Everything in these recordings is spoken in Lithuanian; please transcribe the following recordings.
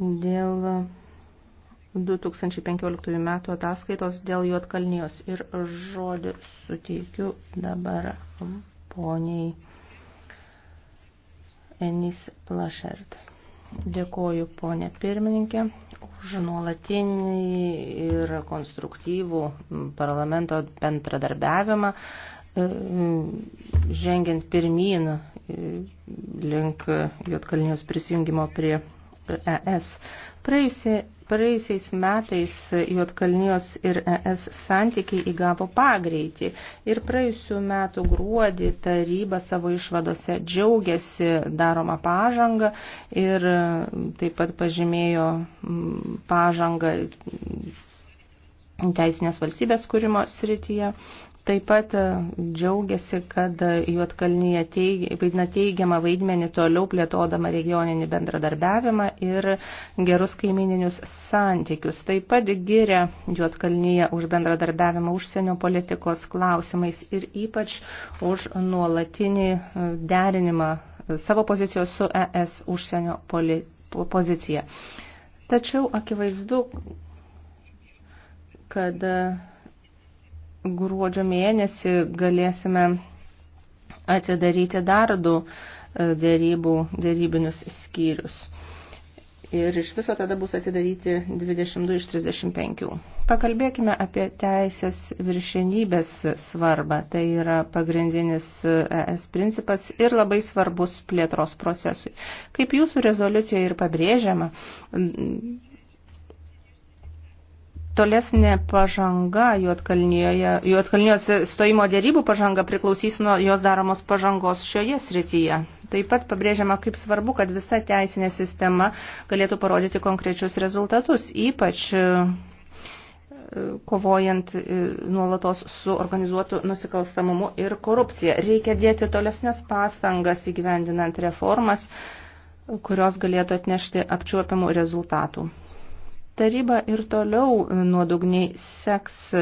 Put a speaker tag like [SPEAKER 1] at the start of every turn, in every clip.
[SPEAKER 1] dėl 2015 metų ataskaitos dėl Juotkalnijos ir žodį suteikiu dabar poniai Enis Plašert. Dėkoju ponė pirmininkė už nuolatinį ir konstruktyvų parlamento bendradarbiavimą, e, žengiant pirmin e, link Jotkalnijos prisijungimo prie ES. Praėjusie, praėjusiais metais Juotkalnijos ir ES santykiai įgavo pagreitį ir praėjusių metų gruodį taryba savo išvadose džiaugiasi daroma pažanga ir taip pat pažymėjo pažangą teisinės valstybės kūrimo srityje Taip pat e, džiaugiasi, kad e, Juotkalnyje teig, vaidina teigiamą vaidmenį toliau plėtodama regioninį bendradarbiavimą ir gerus kaimininius santykius. Taip pat giria Juotkalnyje už bendradarbiavimą užsienio politikos klausimais ir ypač už nuolatinį e, derinimą savo pozicijos su ES užsienio poli, pozicija. Tačiau akivaizdu, kad gruodžio mėnesį galėsime atidaryti dar du e, dėrybų, dėrybinius skyrius. Ir iš viso tada bus atidaryti 22 iš 35. Pakalbėkime apie teisės viršenybės svarbą. Tai yra pagrindinis e, ES principas ir labai svarbus plėtros procesui. Kaip jūsų rezoliucija ir pabrėžiama, Tolesnė pažanga Juotkalnijos stojimo dėrybų pažanga priklausys nuo jos daromos pažangos šioje srityje. Taip pat pabrėžiama, kaip svarbu, kad visa teisinė sistema galėtų parodyti konkrečius rezultatus, ypač e, kovojant e, nuolatos su organizuotu nusikalstamumu ir korupcija. Reikia dėti tolesnės pastangas įgyvendinant reformas, kurios galėtų atnešti apčiuopiamų rezultatų. Taryba ir toliau e, nuodugniai seks e,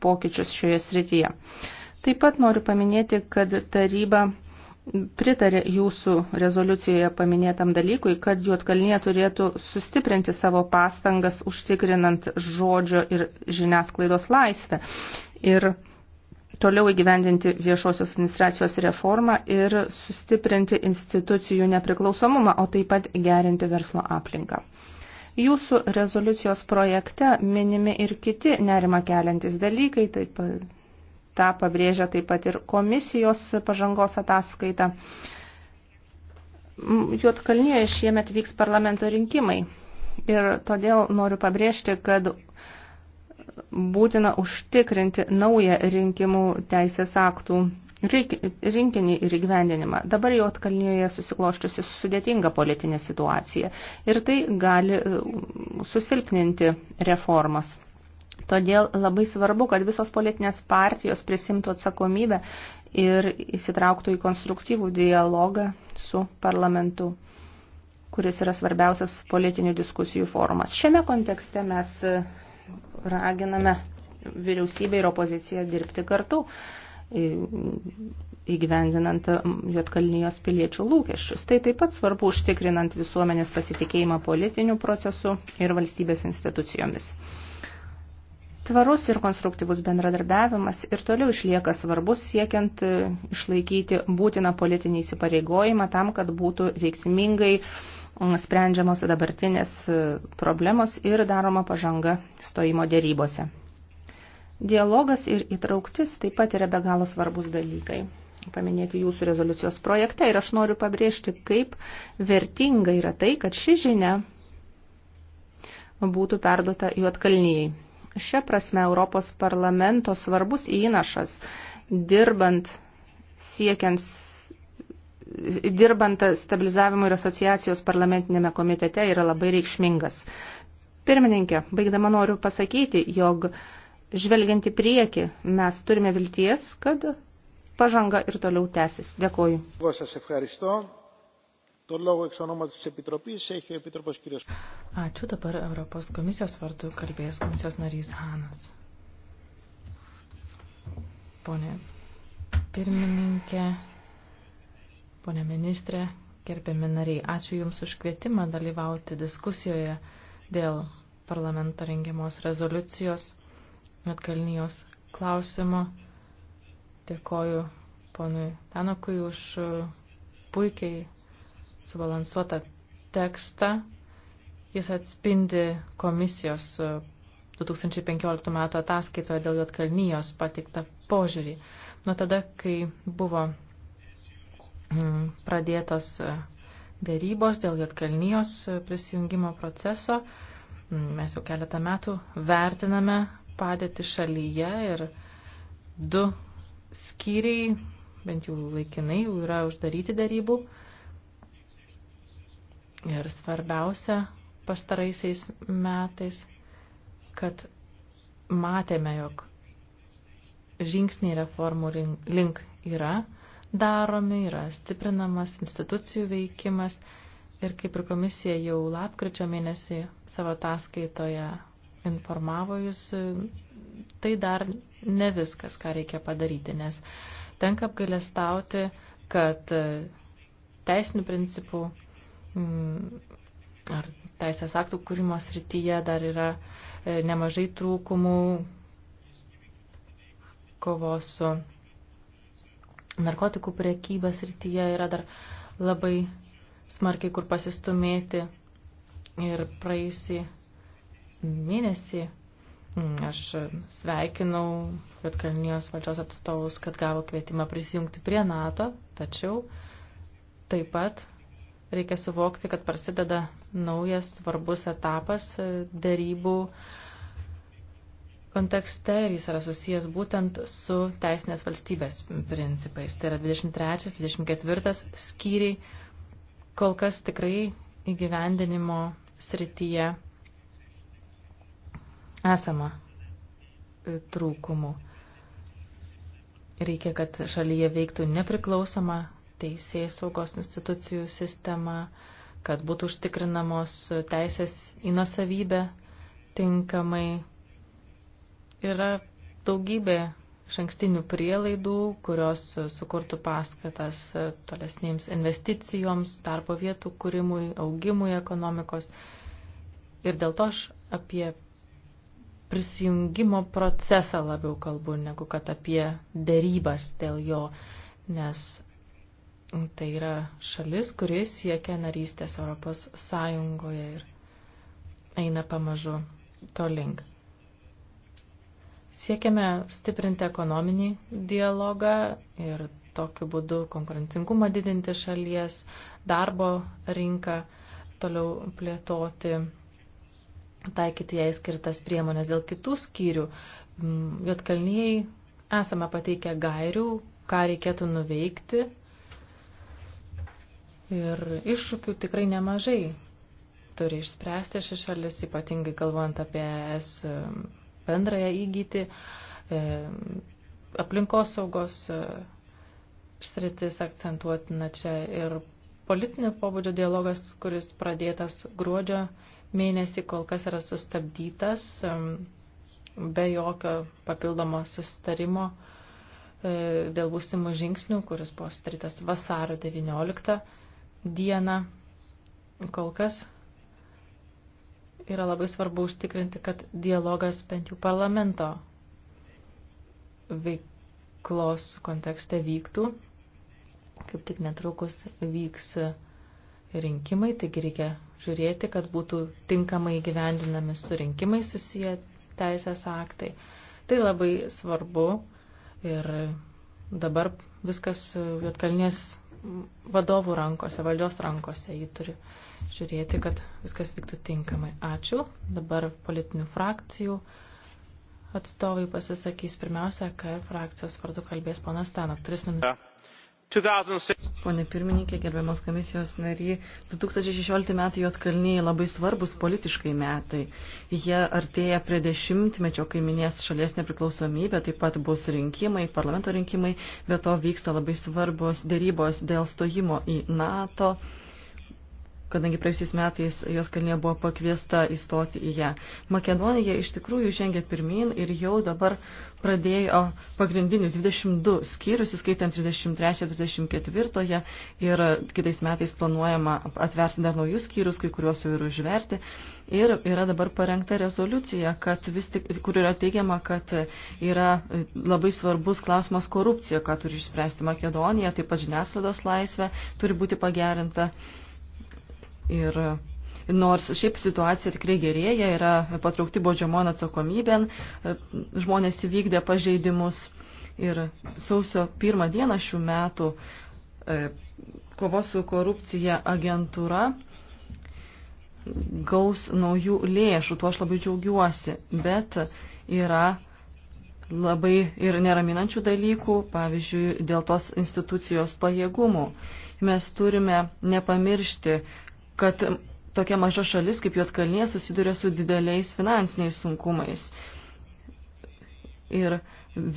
[SPEAKER 1] pokyčius šioje srityje. Taip pat noriu paminėti, kad taryba pritarė jūsų rezoliucijoje paminėtam dalykui, kad Juotkalnyje turėtų sustiprinti savo pastangas užtikrinant žodžio ir žiniasklaidos laisvę ir toliau įgyvendinti viešosios administracijos reformą ir sustiprinti institucijų nepriklausomumą, o taip pat gerinti verslo aplinką. Jūsų rezoliucijos projekte minimi ir kiti nerima keliantis dalykai, taip tą pabrėžia taip pat ir komisijos pažangos ataskaita. Juotkalnyje šiemet vyks parlamento rinkimai ir todėl noriu pabrėžti, kad būtina užtikrinti naują rinkimų teisės aktų rinkinį ir įgyvendinimą. Dabar jau atkalnyje susikloščiusi sudėtinga politinė situacija ir tai gali e, susilpninti reformas. Todėl labai svarbu, kad visos politinės partijos prisimtų atsakomybę ir įsitrauktų į konstruktyvų dialogą su parlamentu kuris yra svarbiausias politinių diskusijų forumas. Šiame kontekste mes e, raginame vyriausybę ir opoziciją dirbti kartu įgyvendinant Jotkalnijos piliečių lūkesčius. Tai taip pat svarbu užtikrinant visuomenės pasitikėjimą politinių procesų ir valstybės institucijomis. Tvarus ir konstruktyvus bendradarbiavimas ir toliau išlieka svarbus siekiant e, išlaikyti būtiną politinį įsipareigojimą tam, kad būtų veiksmingai sprendžiamos dabartinės e, problemos ir daroma pažanga stojimo dėrybose. Dialogas ir įtrauktis taip pat yra be galo svarbus dalykai paminėti jūsų rezoliucijos projekte ir aš noriu pabrėžti, kaip vertinga yra tai, kad ši žinia būtų perduota Juotkalnyjai. Šia prasme Europos parlamento svarbus įnašas dirbant siekiant dirbant stabilizavimo ir asociacijos parlamentinėme komitete yra labai reikšmingas. Pirmininkė, baigdama noriu pasakyti, jog žvelgiant į priekį, mes turime vilties, kad pažanga ir toliau tęsis. Dėkoju.
[SPEAKER 2] Ačiū dabar Europos komisijos vardu kalbėjęs komisijos narys Hanas. Pone pirmininkė, pone ministrė, gerbiami nariai, ačiū Jums už kvietimą dalyvauti diskusijoje dėl parlamento rengiamos rezoliucijos Metkalnijos klausimu. Dėkoju ponui Tanokui už puikiai subalansuotą tekstą. Jis atspindi komisijos 2015 metų ataskaitoje dėl Jotkalnyjos patiktą požiūrį. Nuo tada, kai buvo mm, pradėtos e, dėrybos dėl Jotkalnyjos prisijungimo proceso, mm, mes jau keletą metų vertiname padėtį šalyje ir du skyriai, bent jau laikinai, jau yra uždaryti darybų. Ir svarbiausia pastaraisiais metais, kad matėme, jog žingsniai reformų link yra daromi, yra stiprinamas institucijų veikimas ir kaip ir komisija jau lapkričio mėnesį savo ataskaitoje informavo jūs, tai dar ne viskas, ką reikia padaryti, nes tenka apgailestauti, kad e, teisinių principų mm, ar teisės aktų kūrimo srityje dar yra e, nemažai trūkumų kovos su narkotikų priekyba srityje yra dar labai smarkiai kur pasistumėti ir praėjusį mėnesį mm, aš sveikinau Jotkalnijos valdžios atstovus, kad gavo kvietimą prisijungti prie NATO, tačiau taip pat reikia suvokti, kad prasideda naujas svarbus etapas dėrybų kontekste ir jis yra susijęs būtent su teisinės valstybės principais. Tai yra 23-24 skyriai kol kas tikrai įgyvendinimo srityje esama e, trūkumų. Reikia, kad šalyje veiktų nepriklausoma teisės saugos institucijų sistema, kad būtų užtikrinamos teisės į nusavybę tinkamai. Yra daugybė šankstinių prielaidų, kurios sukurtų paskatas tolesnėms investicijoms, darbo vietų kūrimui, augimui ekonomikos. Ir dėl to aš apie prisijungimo procesą labiau kalbu, negu kad apie dėrybas dėl jo, nes tai yra šalis, kuris siekia narystės Europos Sąjungoje ir eina pamažu to link. Siekiame stiprinti ekonominį dialogą ir tokiu būdu konkurencingumą didinti šalies, darbo rinką toliau plėtoti taikyti jai skirtas priemonės dėl kitų skyrių. Mm, Jotkalnyjei esame pateikę gairių, ką reikėtų nuveikti. Ir iššūkių tikrai nemažai turi išspręsti šis šalis, ypatingai galvojant apie es mm, bendrąją įgyti, e, aplinkosaugos e, sritis akcentuotina čia ir politinio pobūdžio dialogas, kuris pradėtas gruodžio mėnesį, kol kas yra sustabdytas be jokio papildomo sustarimo e, dėl būsimų žingsnių, kuris buvo sudarytas vasaro 19 dieną. Kol kas yra labai svarbu užtikrinti, kad dialogas bent jau parlamento veiklos kontekste vyktų Kaip tik netrukus vyks rinkimai, taigi reikia žiūrėti, kad būtų tinkamai gyvendinami su rinkimai susiję teisės aktai. Tai labai svarbu ir dabar viskas Vietkalnės vadovų rankose, valdžios rankose. Ji turi žiūrėti, kad viskas vyktų tinkamai. Ačiū. Dabar politinių frakcijų atstovai pasisakys. Pirmiausia, kad frakcijos vardu kalbės
[SPEAKER 3] ponas Stanov. Tris minutės. Pone pirmininkė, gerbiamas komisijos nariai, 2016 metai Jotkalnyje labai svarbus politiškai metai. Jie artėja prie dešimtmečio, kai minės šalies nepriklausomybė, taip pat bus rinkimai, parlamento rinkimai, be to vyksta labai svarbus dėrybos dėl stojimo į NATO kadangi praėjusiais metais jos kalnė buvo pakviesta įstoti į ją. Makedonija iš tikrųjų žengė pirmin ir jau dabar pradėjo pagrindinius 22 skyrius, įskaitant 33-34 ir kitais metais planuojama atverti dar naujus skyrius, kai kuriuos jau ir užverti. Ir yra dabar parengta rezoliucija, tik, kur yra teigiama, kad yra labai svarbus klausimas korupcija, ką turi išspręsti Makedonija, taip pat žiniasklaidos laisvė turi būti pagerinta. Ir nors šiaip situacija tikrai gerėja, yra patraukti baudžiamon atsakomybėn, e, žmonės įvykdė pažeidimus. Ir sausio pirmą dieną šių metų e, kovos su korupcija agentūra gaus naujų lėšų, tuo aš labai džiaugiuosi, bet yra labai ir neraminančių dalykų, pavyzdžiui, dėl tos institucijos pajėgumų. Mes turime nepamiršti, kad tokia maža šalis kaip Juotkalnė susiduria su dideliais finansiniais sunkumais. Ir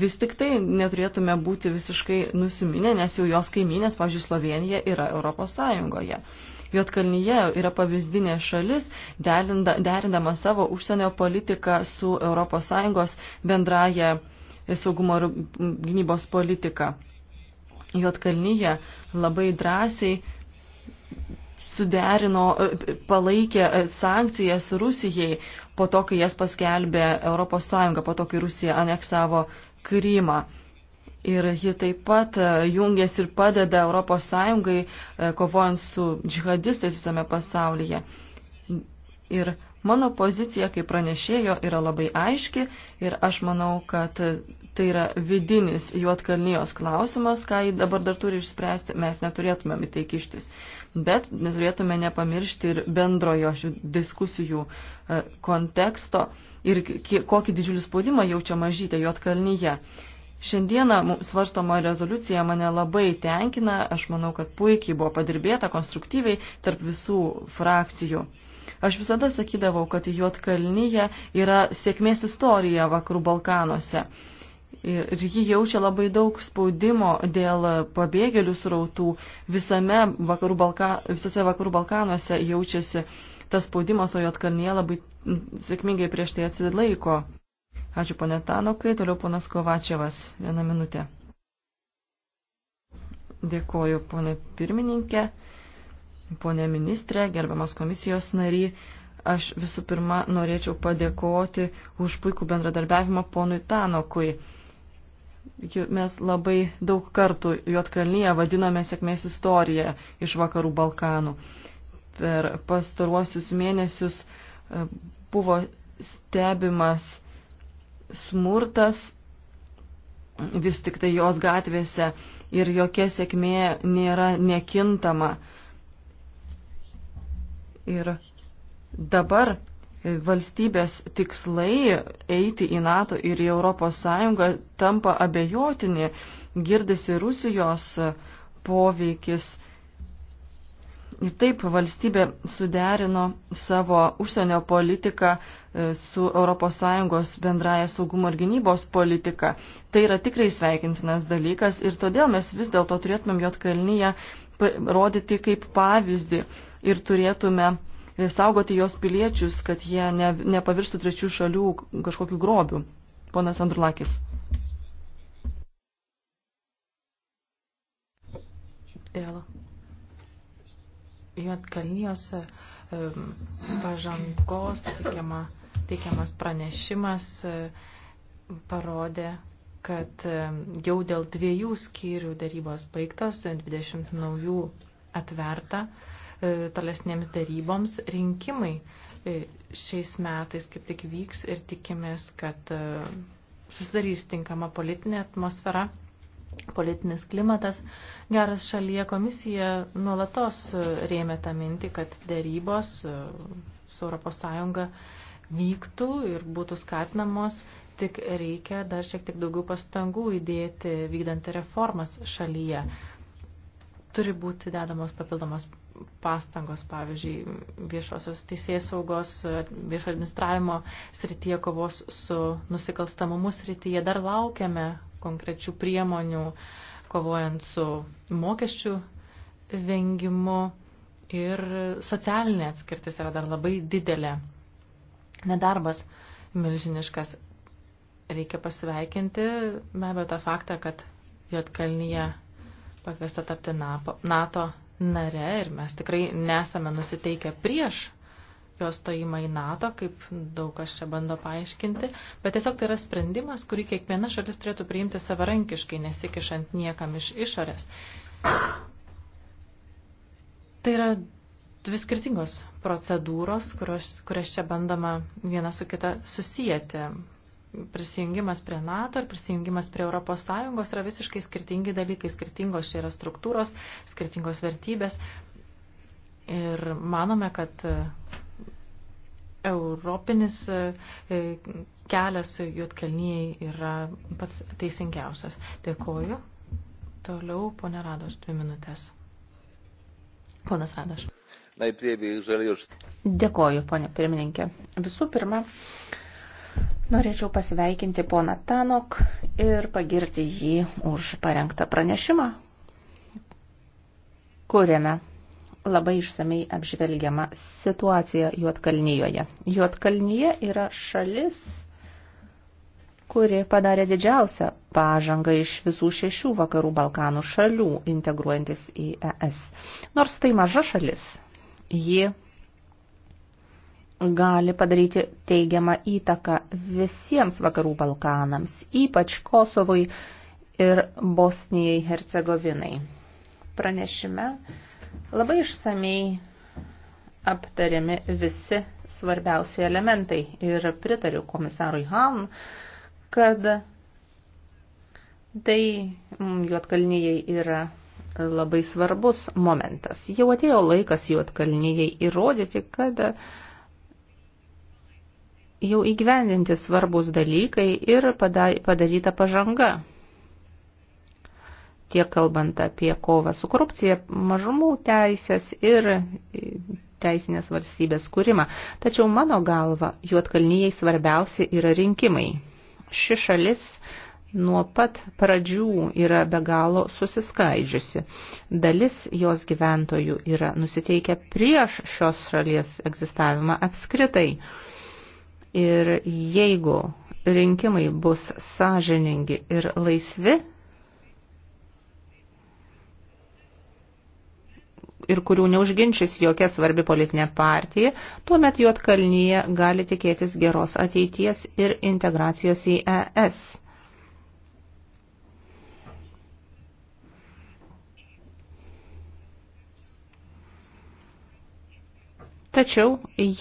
[SPEAKER 3] vis tik tai neturėtume būti visiškai nusiminę, nes jau jos kaiminės, pavyzdžiui, Slovenija yra Europos Sąjungoje. Jotkalnyje yra pavyzdinė šalis, derinda, derindama savo užsienio politiką su ES bendraja saugumo ir gynybos politika. Jotkalnyje labai drąsiai suderino, e, palaikė e, sankcijas Rusijai po to, kai jas paskelbė ES, po to, kai Rusija aneksavo Krymą. Ir ji taip pat e, jungiasi ir padeda ES kovojant su džihadistais visame pasaulyje. Ir Mano pozicija kaip pranešėjo yra labai aiški ir aš manau, kad tai yra vidinis juotkalnyjos klausimas, ką jį dabar dar turi išspręsti, mes neturėtumėm į tai kištis. Bet neturėtume nepamiršti ir bendrojo šių diskusijų e, konteksto ir kokį didžiulį spaudimą jaučia mažytė juotkalnyje. Šiandieną svarstoma rezoliucija mane labai tenkina, aš manau, kad puikiai buvo padirbėta konstruktyviai tarp visų frakcijų. Aš visada sakydavau, kad Juotkalnyje yra sėkmės istorija Vakarų Balkanuose. Ir ji jaučia labai daug spaudimo dėl pabėgėlių srautų. Visame vakarų Balka, visose Vakarų Balkanuose jaučiasi tas spaudimas, o Jotkalnyje labai sėkmingai prieš tai atsilaiko. Ačiū ponė Tanokai, toliau ponas Kovačiavas. Vieną minutę. Dėkoju ponė pirmininkė. Pone ministrė, gerbiamas komisijos nary, aš visų pirma norėčiau padėkoti už puikų bendradarbiavimą ponui Tanokui. Mes labai daug kartų Juotkalnyje vadiname sėkmės istoriją iš vakarų Balkanų. Per pastaruosius mėnesius e, buvo stebimas smurtas vis tik tai jos gatvėse ir jokia sėkmė nėra nekintama Ir dabar valstybės tikslai eiti į NATO ir į ES tampa abejotini, girdisi Rusijos poveikis Taip valstybė suderino savo užsienio politiką e, su ES bendraja saugumo ir gynybos politika. Tai yra tikrai sveikintinas dalykas ir todėl mes vis dėlto turėtumėm Jotkalnyje rodyti kaip pavyzdį ir turėtume e, saugoti jos piliečius, kad jie ne, nepavirstų trečių šalių kažkokiu grobiu. Ponas Andrulakis.
[SPEAKER 2] Dėlą. Juotkalnijos pažangos teikiama, teikiamas pranešimas e, parodė, kad jau dėl dviejų skyrių darybos baigtos, 20 naujų atverta e, tolesnėms daryboms. Rinkimai e, šiais metais kaip tik vyks ir tikimės, kad susidarys tinkama politinė atmosfera politinis klimatas geras šalyje. Komisija nuolatos rėmė tą mintį, kad dėrybos e, su ES vyktų ir būtų skatinamos, tik reikia dar šiek tiek daugiau pastangų įdėti vykdant reformas šalyje. Turi būti dedamos papildomos pastangos, pavyzdžiui, viešosios teisės saugos, e, viešo administravimo srityje, kovos su nusikalstamumu srityje. Dar laukiame konkrečių priemonių, kovojant su mokesčių vengimu ir socialinė atskirtis yra dar labai didelė. Nedarbas milžiniškas. Reikia pasveikinti, be abejo, tą faktą, kad Jotkalnyje pakviesta tapti NATO nare ir mes tikrai nesame nusiteikę prieš jos stojimą į NATO, kaip daug kas čia bando paaiškinti, bet tiesiog tai yra sprendimas, kurį kiekviena šalis turėtų priimti savarankiškai, nesikišant niekam iš išorės. Tai yra dvi skirtingos procedūros, kurios, kurias čia bandoma viena su kita susijęti. Prisijungimas prie NATO ir prisijungimas prie Europos Sąjungos yra visiškai skirtingi dalykai, skirtingos čia yra struktūros, skirtingos vertybės. Ir manome, kad europinis e, e, kelias Juotkalnyje yra pats teisingiausias. Dėkoju. Toliau, ponė Radoš, dvi minutės. Ponas Radoš.
[SPEAKER 1] Dėkoju, ponė pirmininkė. Visų pirma, norėčiau pasveikinti poną Tanok ir pagirti jį už parengtą pranešimą, kuriame labai išsamei apžvelgiama situacija Juotkalnyjoje. Juotkalnyje yra šalis, kuri padarė didžiausią pažangą iš visų šešių vakarų Balkanų šalių integruojantis į ES. Nors tai maža šalis, ji gali padaryti teigiamą įtaką visiems vakarų Balkanams, ypač Kosovui ir Bosnijai Hercegovinai. Pranešime Labai išsamei aptariami visi svarbiausi elementai ir pritariu komisarui Han, kad tai mm, juotkalnyje yra labai svarbus momentas. Jau atėjo laikas juotkalnyje įrodyti, kad jau įgyvendinti svarbus dalykai ir padaryta pažanga tiek kalbant apie kovą su korupcija, mažumų teisės ir teisinės valstybės kūrimą. Tačiau mano galva, juotkalnyjei svarbiausia yra rinkimai. Ši šalis nuo pat pradžių yra be galo susiskaidžiusi. Dalis jos gyventojų yra nusiteikę prieš šios šalies egzistavimą apskritai. Ir jeigu rinkimai bus sąžiningi ir laisvi, ir kurių neužginčys jokia svarbi politinė partija, tuomet Juotkalnyje gali tikėtis geros ateities ir integracijos į ES. Tačiau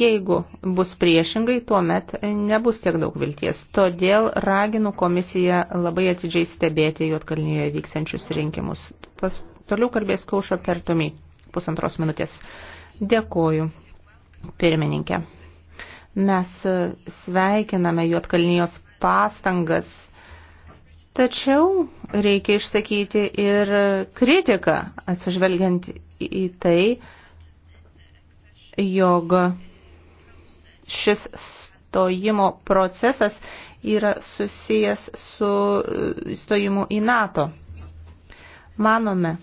[SPEAKER 1] jeigu bus priešingai, tuomet nebus tiek daug vilties. Todėl raginu komisiją labai atidžiai stebėti Juotkalnyje vyksiančius rinkimus. Pas, toliau kalbės Kauša Pertomy pusantros minutės. Dėkoju, pirmininkė. Mes sveikiname Juotkalnijos pastangas, tačiau reikia išsakyti ir kritiką, atsižvelgiant į tai, jog šis stojimo procesas yra susijęs su stojimu į NATO. Manome,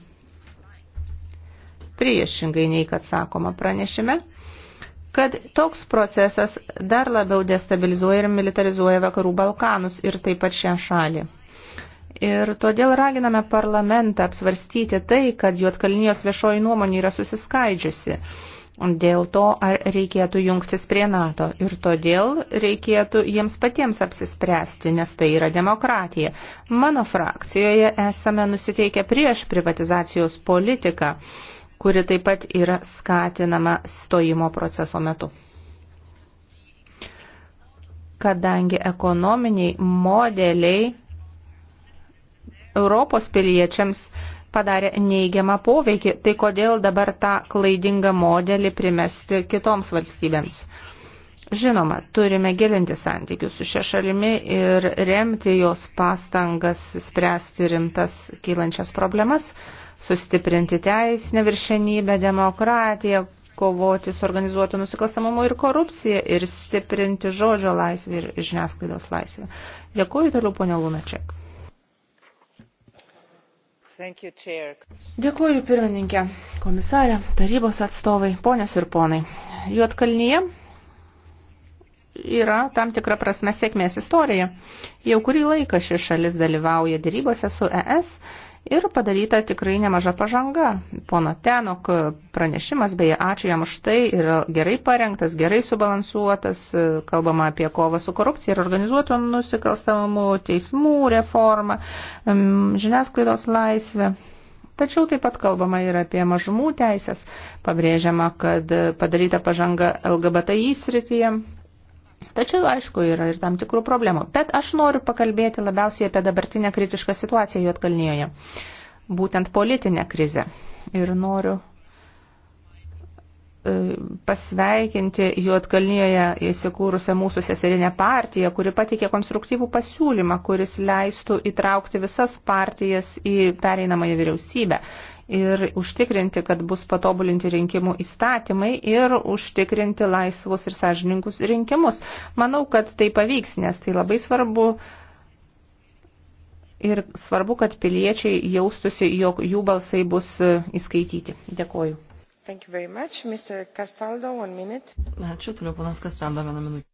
[SPEAKER 1] priešingai nei kad sakoma pranešime, kad toks procesas dar labiau destabilizuoja ir militarizuoja vakarų Balkanus ir taip pat šią šalį. Ir todėl raginame parlamentą apsvarstyti tai, kad Juotkalnijos viešoji nuomonė yra susiskaidžiusi. Dėl to, ar reikėtų jungtis prie NATO ir todėl reikėtų jiems patiems apsispręsti, nes tai yra demokratija. Mano frakcijoje esame nusiteikę prieš privatizacijos politiką kuri taip pat yra skatinama stojimo proceso metu. Kadangi ekonominiai modeliai Europos piliečiams padarė neigiamą poveikį, tai kodėl dabar tą klaidingą modelį primesti kitoms valstybėms? Žinoma, turime gilinti santykius su šia šalimi ir remti jos pastangas spręsti rimtas kylančias problemas, sustiprinti teisinę viršenybę, demokratiją, kovoti su organizuotu nusikalstamumu ir korupcija ir stiprinti žodžio laisvę ir žiniasklaidos laisvę. Dėkuoju toliau, ponia Lunačiak. Dėkuoju pirmininkė, komisarė, tarybos atstovai, ponios ir ponai. Juotkalnyje yra tam tikra prasme sėkmės istorija. Jau kurį laiką ši šalis dalyvauja dėrybose su ES ir padaryta tikrai nemaža pažanga. Pono Tenok pranešimas, beje, ačiū jam už tai, yra gerai parengtas, gerai subalansuotas, kalbama apie kovą su korupcija ir organizuotų nusikalstamų teismų reformą, žiniasklaidos laisvę. Tačiau taip pat kalbama ir apie mažumų teisės, pabrėžiama, kad padaryta pažanga LGBTI srityje, Tačiau, aišku, yra ir tam tikrų problemų. Bet aš noriu pakalbėti labiausiai apie dabartinę kritišką situaciją Juotkalnyjoje. Būtent politinę krizę. Ir noriu e, pasveikinti Juotkalnyje įsikūrusią mūsų seserinę partiją, kuri patikė konstruktyvų pasiūlymą, kuris leistų įtraukti visas partijas į pereinamąją vyriausybę ir užtikrinti, kad bus patobulinti rinkimų įstatymai ir užtikrinti laisvus ir sąžininkus rinkimus. Manau, kad tai pavyks, nes tai labai svarbu. Ir svarbu, kad piliečiai jaustusi, jog jų balsai bus e, įskaityti. Dėkoju. Much, Castaldo, Ačiū, toliau ponas Kastaldo, vieną minutę.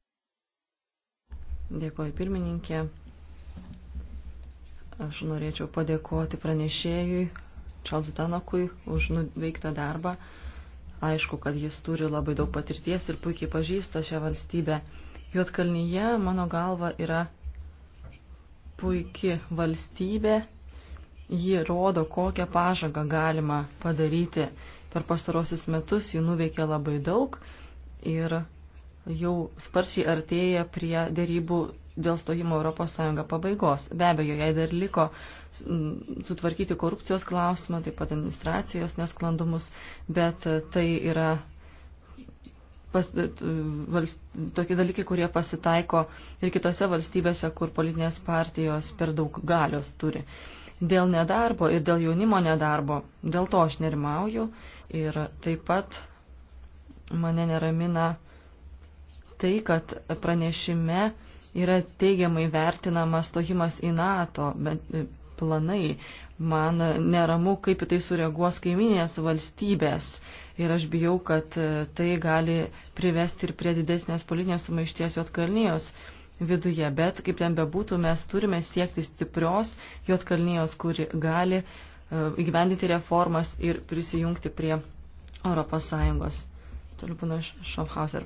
[SPEAKER 3] Dėkoju pirmininkė. Aš norėčiau padėkoti pranešėjui Čalzu Tanokui už nuveiktą darbą. Aišku, kad jis turi labai daug patirties ir puikiai pažįsta šią valstybę. Juotkalnyje, mano galva, yra puiki valstybė. Ji rodo, kokią pažangą galima padaryti. Per pastarosius metus ji nuveikė labai daug ir jau sparčiai artėja prie dėrybų dėl stojimo Europos Sąjunga pabaigos. Be abejo, jai dar liko sutvarkyti korupcijos klausimą, taip pat administracijos nesklandumus, bet tai yra pas, valst, tokie dalykai, kurie pasitaiko ir kitose valstybėse, kur politinės partijos per daug galios turi. Dėl nedarbo ir dėl jaunimo nedarbo, dėl to aš nerimauju ir taip pat mane neramina tai, kad pranešime yra teigiamai vertinamas stojimas į NATO, bet planai. Man neramu, kaip į tai sureaguos kaiminės valstybės ir aš bijau, kad tai gali privesti ir prie didesnės politinės sumaišties Jotkalnijos viduje. Bet kaip ten bebūtų, mes turime siekti stiprios Jotkalnijos, kuri gali e, įgyvendinti reformas ir prisijungti prie ES. Toliau pana Šofhauser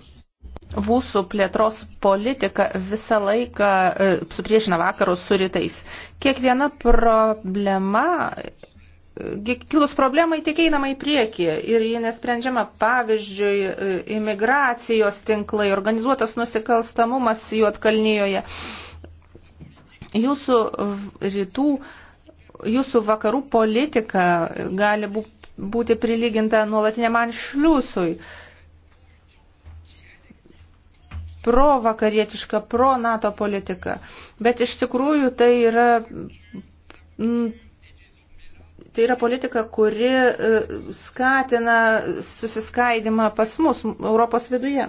[SPEAKER 1] mūsų plėtros politika visą laiką e, supriešina vakarus su rytais. Kiekviena problema, e, kilus problemai tik einama į priekį ir ji nesprendžiama. Pavyzdžiui, e, imigracijos tinklai, organizuotas nusikalstamumas Juotkalnyjoje. Jūsų rytų, jūsų vakarų politika gali būti prilyginta nuolatiniam man šliusui provakarietišką, pro-NATO politiką. Bet iš tikrųjų tai yra. M, mm, Tai yra politika, kuri e, skatina susiskaidimą pas mus, Europos viduje.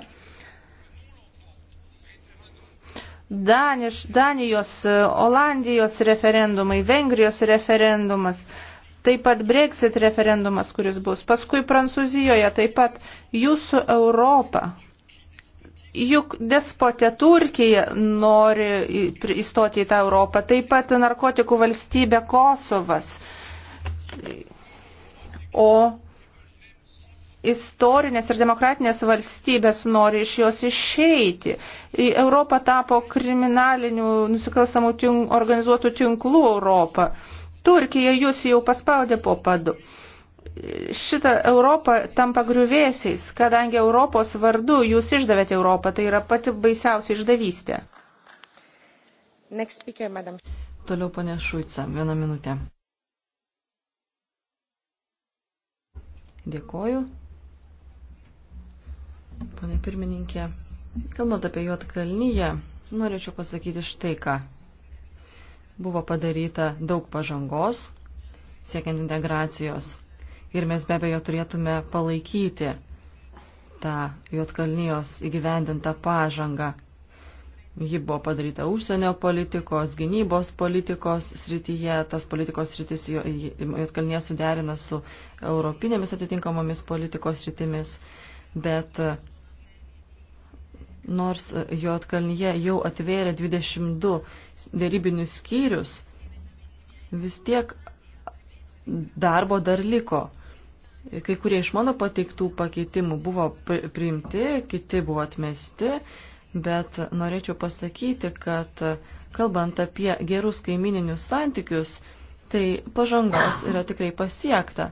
[SPEAKER 1] Daniš, Danijos, e, Olandijos referendumai, Vengrijos referendumas, taip pat Brexit referendumas, kuris bus, paskui Prancūzijoje taip pat jūsų Europa Juk despotė Turkija nori įstoti į tą Europą, taip pat narkotikų valstybė Kosovas. O istorinės ir demokratinės valstybės nori iš jos išeiti. Europa tapo kriminalinių nusikalstamų tink, organizuotų tinklų Europą. Turkija jūs jau paspaudė po padu šitą Europą tampa griuvėsiais, kadangi Europos vardu jūs išdavėte Europą, tai yra pati baisiausia išdavystė. Next speaker, madam. Toliau ponė Šuica, vieną minutę.
[SPEAKER 3] Dėkoju. Pane pirmininkė, kalbant apie Juotkalnyje, norėčiau pasakyti štai ką. Buvo padaryta daug pažangos, siekiant integracijos ir mes be abejo turėtume palaikyti tą Jotkalnijos įgyvendintą pažangą. Ji buvo padaryta užsienio politikos, gynybos politikos srityje, tas politikos sritis Jotkalnyje suderina su europinėmis atitinkamomis politikos sritimis, bet nors Jotkalnyje jau atvėrė 22 dėrybinius skyrius, vis tiek darbo dar liko. Kai kurie iš mano pateiktų pakeitimų buvo priimti, kiti buvo atmesti, bet norėčiau pasakyti, kad kalbant apie gerus kaimininius santykius, tai pažangos yra tikrai pasiekta,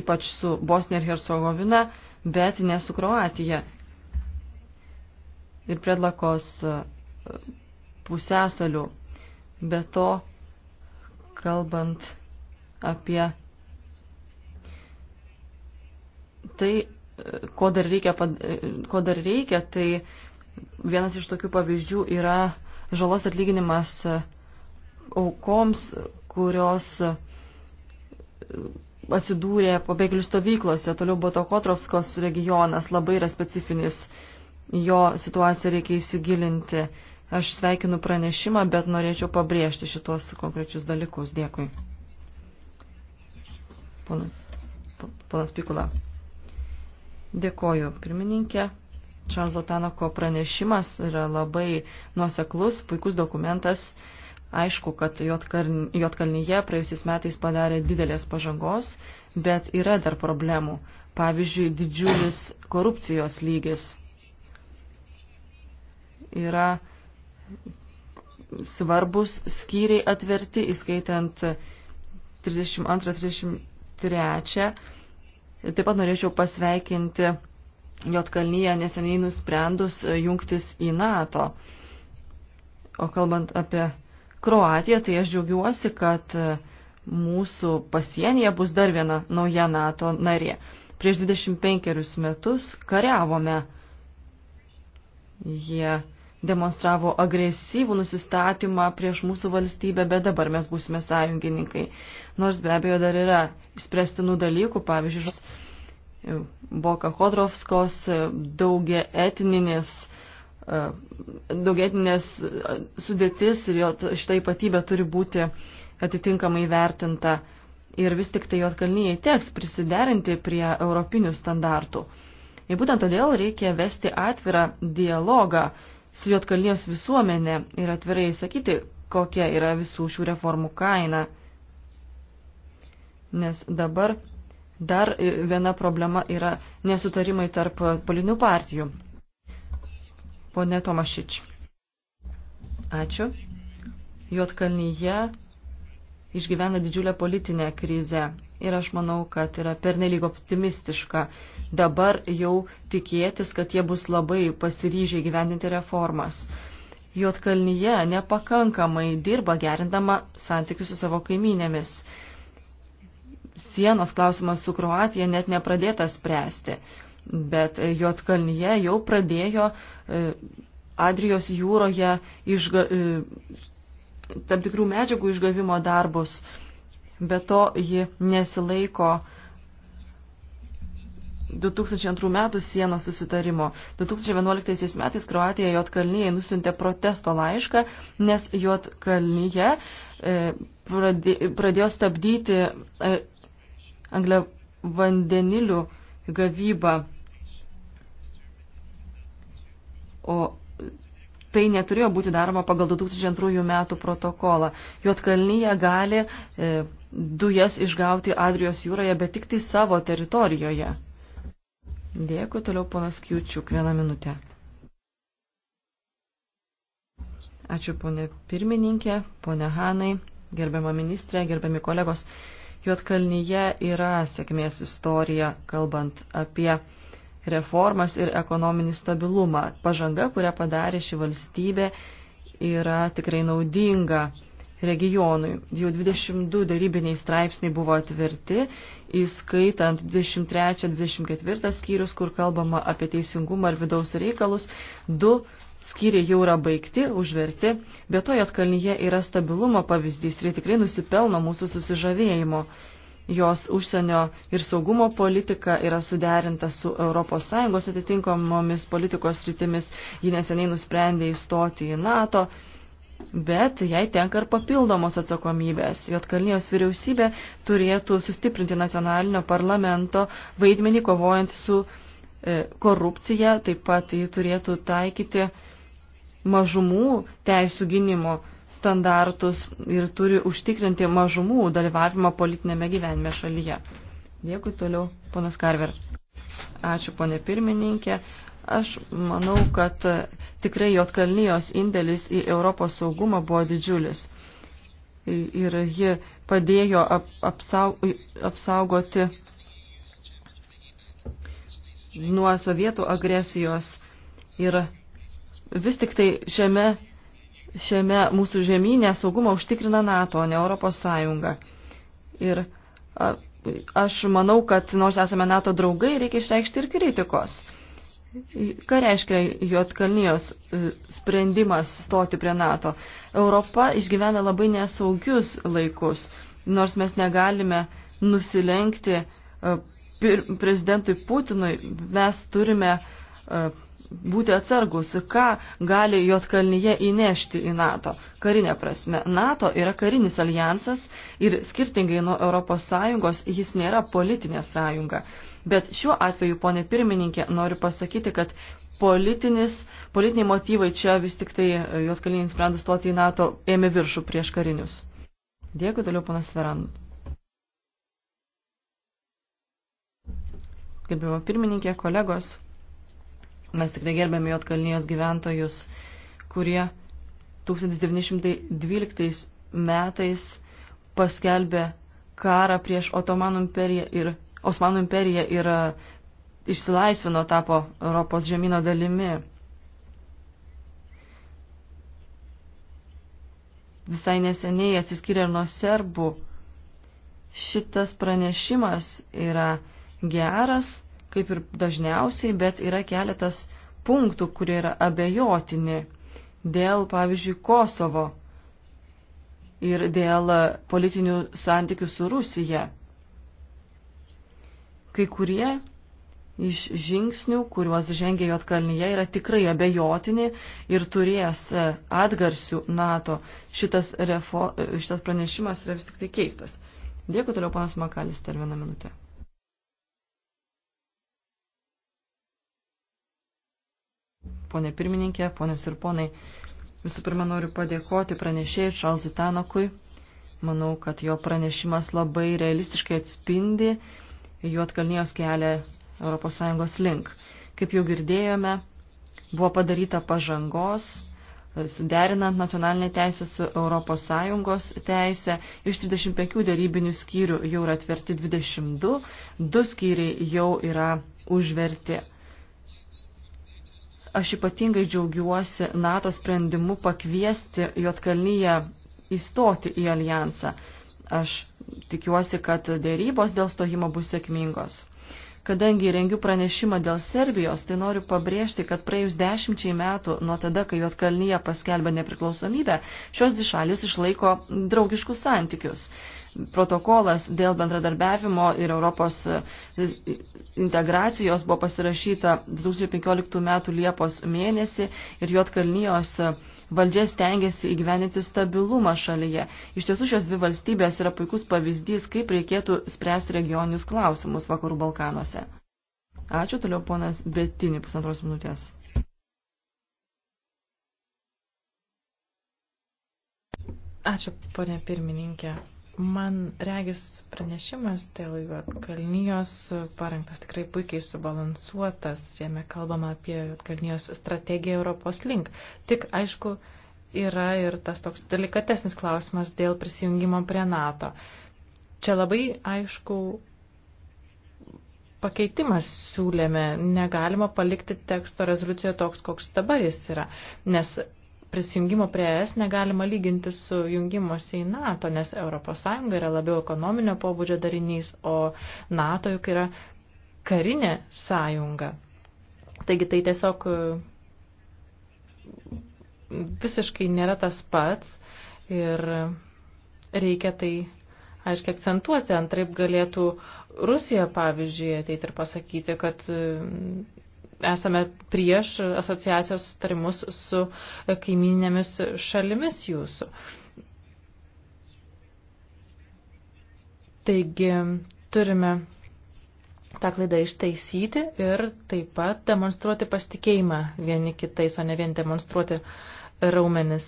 [SPEAKER 3] ypač su Bosnija ir Hercegovina, bet ne su Kroatija. Ir predlakos e, pusėsalių. Be to, kalbant apie tai, ko dar reikia, ko dar reikia tai vienas iš tokių pavyzdžių yra žalos atlyginimas aukoms, kurios atsidūrė pabėgėlių stovyklose. Toliau Botokotrovskos regionas labai yra specifinis. Jo situaciją reikia įsigilinti. Aš sveikinu pranešimą, bet norėčiau pabrėžti šitos konkrečius dalykus. Dėkui. Ponas, ponas Pikula. Dėkoju, pirmininkė. Čarlzo Tanako pranešimas yra labai nuoseklus, puikus dokumentas. Aišku, kad Jotkalnyje praėjusiais metais padarė didelės pažangos, bet yra dar problemų. Pavyzdžiui, didžiulis korupcijos lygis yra svarbus skyriai atverti, įskaitant 32-33 Taip pat norėčiau pasveikinti Jotkalnyje neseniai nusprendus jungtis į NATO. O kalbant apie Kroatiją, tai aš džiaugiuosi, kad mūsų pasienyje bus dar viena nauja NATO narė. Prieš 25 metus kariavome. Jie demonstravo agresyvų nusistatymą prieš mūsų valstybę, bet dabar mes būsime sąjungininkai. Nors be abejo dar yra spręstinų dalykų, pavyzdžiui, Boka Hodrovskos daugia etninis e, daugetinės e, sudėtis ir jo šitą ypatybę turi būti atitinkamai vertinta ir vis tik tai Jotkalnyje teks prisiderinti prie europinių standartų. Ir būtent todėl reikia vesti atvirą dialogą su Jotkalnijos visuomenė ir atvirai sakyti, kokia yra visų šių reformų kaina. Nes dabar dar viena problema yra nesutarimai tarp politinių partijų. Pone Tomašič. Ačiū. Jotkalnyje išgyvena didžiulę politinę krizę ir aš manau, kad yra pernelyg optimistiška dabar jau tikėtis, kad jie bus labai pasiryžę gyvendinti reformas. Juotkalnyje nepakankamai dirba gerindama santykius su savo kaiminėmis. Sienos klausimas su Kroatija net nepradėtas spręsti, bet Juotkalnyje jau pradėjo e, Adrijos jūroje išga, e, tam tikrų medžiagų išgavimo darbus Be to, ji nesilaiko 2002 metų sienos susitarimo. 2011 metais Kroatija Jotkalnyje nusintė protesto laišką, nes Jotkalnyje e, pradėjo stabdyti e, anglio vandenilių gavybą. O tai neturėjo būti daroma pagal 2002 metų protokolą. Jotkalnyje gali e, dujas išgauti Adrijos jūroje, bet tik tai savo teritorijoje. Dėkui toliau ponas Kiučiuk, vieną minutę. Ačiū ponė pirmininkė, ponė Hanai, gerbiama ministrė, gerbiami kolegos. Juotkalnyje yra sėkmės istorija, kalbant apie reformas ir ekonominį stabilumą. Pažanga, kurią padarė ši valstybė, yra tikrai naudinga regionui. Jau 22 darybiniai straipsniai buvo atverti, įskaitant 23-24 skyrius, kur kalbama apie teisingumą ir vidaus reikalus. Du skyriai jau yra baigti, užverti, bet to Jotkalnyje yra stabilumo pavyzdys ir tikrai nusipelno mūsų susižavėjimo. Jos užsienio ir saugumo politika yra suderinta su ES atitinkamomis politikos rytimis, ji neseniai nusprendė įstoti į NATO bet jai tenka ir papildomos atsakomybės. Jotkalnijos vyriausybė turėtų sustiprinti nacionalinio parlamento vaidmenį kovojant su e, korupcija, taip pat jį turėtų taikyti mažumų teisų gynimo standartus ir turi užtikrinti mažumų dalyvavimą politinėme gyvenime šalyje. Dėkui toliau, ponas Karver. Ačiū, ponė pirmininkė. Aš manau, kad tikrai Jotkalnyjos indėlis į Europos saugumą buvo didžiulis. Ir ji padėjo ap, apsau, apsaugoti nuo sovietų agresijos. Ir vis tik tai šiame, šiame mūsų žemynė saugumą užtikrina NATO, o ne Europos Sąjunga. Ir a, aš manau, kad nors esame NATO draugai, reikia išreikšti ir kritikos. Ką reiškia Juotkalnijos e, sprendimas stoti prie NATO? Europa išgyvena labai nesaugius laikus, nors mes negalime nusilenkti e, prezidentui Putinui, mes turime uh, E, būti atsargus, ką gali Jotkalnyje įnešti į NATO. Karinė prasme, NATO yra karinis alijansas ir skirtingai nuo ES jis nėra politinė sąjunga. Bet šiuo atveju, ponė pirmininkė, noriu pasakyti, kad politiniai motyvai čia vis tik tai e, Jotkalnyje nusprendus stoti į NATO ėmė viršų prieš karinius. Dėkui toliau, ponas Veran. Gerbimo pirmininkė, kolegos. Mes tikrai gerbėme Jotkalnijos gyventojus, kurie 1912 metais paskelbė karą prieš Otomanų imperiją ir Osmanų imperiją ir e, išsilaisvino, tapo Europos žemino dalimi. Visai neseniai atsiskyrė nuo serbų. Šitas pranešimas yra geras kaip ir dažniausiai, bet yra keletas punktų, kurie yra abejotini dėl, pavyzdžiui, Kosovo ir dėl politinių santykių su Rusija. Kai kurie iš žingsnių, kuriuos žengė Jotkalnyje, yra tikrai abejotini ir turės atgarsių NATO. Šitas, refo, šitas pranešimas yra vis tik tai keistas. Dėkui toliau, panas Makalis, per vieną minutę. ponė pirmininkė, ponios ir ponai. Visų pirma, noriu padėkoti pranešėjai Čalzui Tanokui. Manau, kad jo pranešimas labai realistiškai atspindi juotkalnijos kelią ES link. Kaip jau girdėjome, buvo padaryta pažangos, suderinant nacionalinę teisę su ES teisė. Iš 35 dėrybinių skyrių jau yra atverti 22, du skyriai jau yra užverti. Aš ypatingai džiaugiuosi NATO sprendimu pakviesti Jotkalnyje įstoti į alijansą. Aš tikiuosi, kad dėrybos dėl stojimo bus sėkmingos. Kadangi rengiu pranešimą dėl Serbijos, tai noriu pabrėžti, kad praėjus dešimčiai metų nuo tada, kai Jotkalnyje paskelbė nepriklausomybę, šios dvi šalis išlaiko draugiškus santykius protokolas dėl bendradarbiavimo ir Europos e, integracijos buvo pasirašyta 2015 m. Liepos mėnesį ir Jotkalnijos e, valdžia stengiasi įgyveninti stabilumą šalyje. Iš tiesų šios dvi valstybės yra puikus pavyzdys, kaip reikėtų spręsti regioninius klausimus Vakarų Balkanuose. Ačiū toliau ponas Betini pusantros minutės.
[SPEAKER 2] Ačiū, ponė pirmininkė. Man regis pranešimas dėl Juotkalnyjos parengtas tikrai puikiai subalansuotas, jame kalbama apie Juotkalnyjos strategiją Europos link. Tik aišku, yra ir tas toks delikatesnis klausimas dėl prisijungimo prie NATO. Čia labai aišku pakeitimas siūlėme, negalima palikti teksto rezoliucijoje toks, koks dabar jis yra, nes prisijungimo prie ES negalima lyginti su jungimuose į NATO, nes ES yra labiau ekonominio pobūdžio darinys, o NATO juk yra karinė sąjunga. Taigi tai tiesiog e, visiškai nėra tas pats ir reikia tai aiškiai akcentuoti, antraip galėtų Rusija, pavyzdžiui, ateiti ir pasakyti, kad esame prieš asociacijos sutarimus su kaimininėmis šalimis jūsų. Taigi turime tą klaidą ištaisyti ir taip pat demonstruoti pasitikėjimą vieni kitais, o ne vien demonstruoti raumenis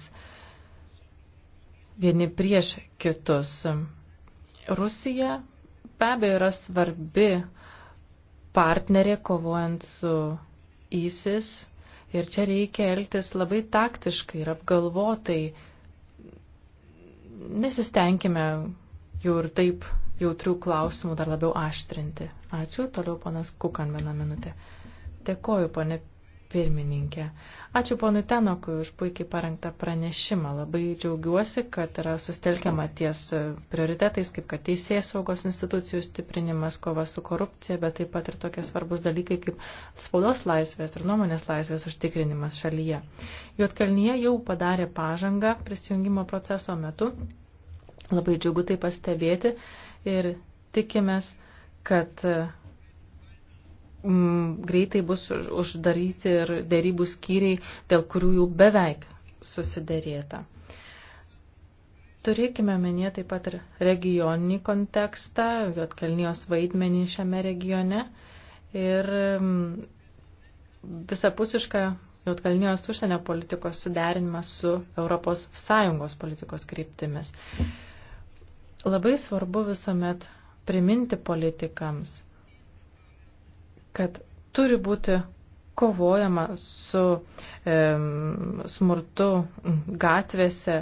[SPEAKER 2] vieni prieš kitus. Rusija be abejo yra svarbi uh, partnerė kovojant su ISIS ir čia reikia elgtis labai taktiškai ir apgalvotai. Nesistengime jau ir taip jautrių klausimų dar labiau aštrinti. Ačiū, toliau ponas Kukan vieną minutę. Dėkoju, ponė pirmininkė. Ačiū ponui Tenokui už puikiai parengtą pranešimą. Labai džiaugiuosi, kad yra sustelkiama ties prioritetais, kaip kad teisės saugos institucijų stiprinimas, kova su korupcija, bet taip pat ir tokie svarbus dalykai kaip spaudos laisvės ir nuomonės laisvės užtikrinimas šalyje. Juotkalnyje jau padarė pažangą prisijungimo proceso metu. Labai džiugu tai pastebėti ir tikimės, kad m, greitai bus uždaryti ir dėrybų skyriai, dėl kurių jau beveik susidėrėta. Turėkime menyje taip pat ir regioninį kontekstą, Jotkalnijos vaidmenį šiame regione ir visapusišką Jotkalnijos užsienio politikos suderinimą su ES politikos kryptimis. Labai svarbu visuomet priminti politikams, kad turi būti kovojama su e, smurtu gatvėse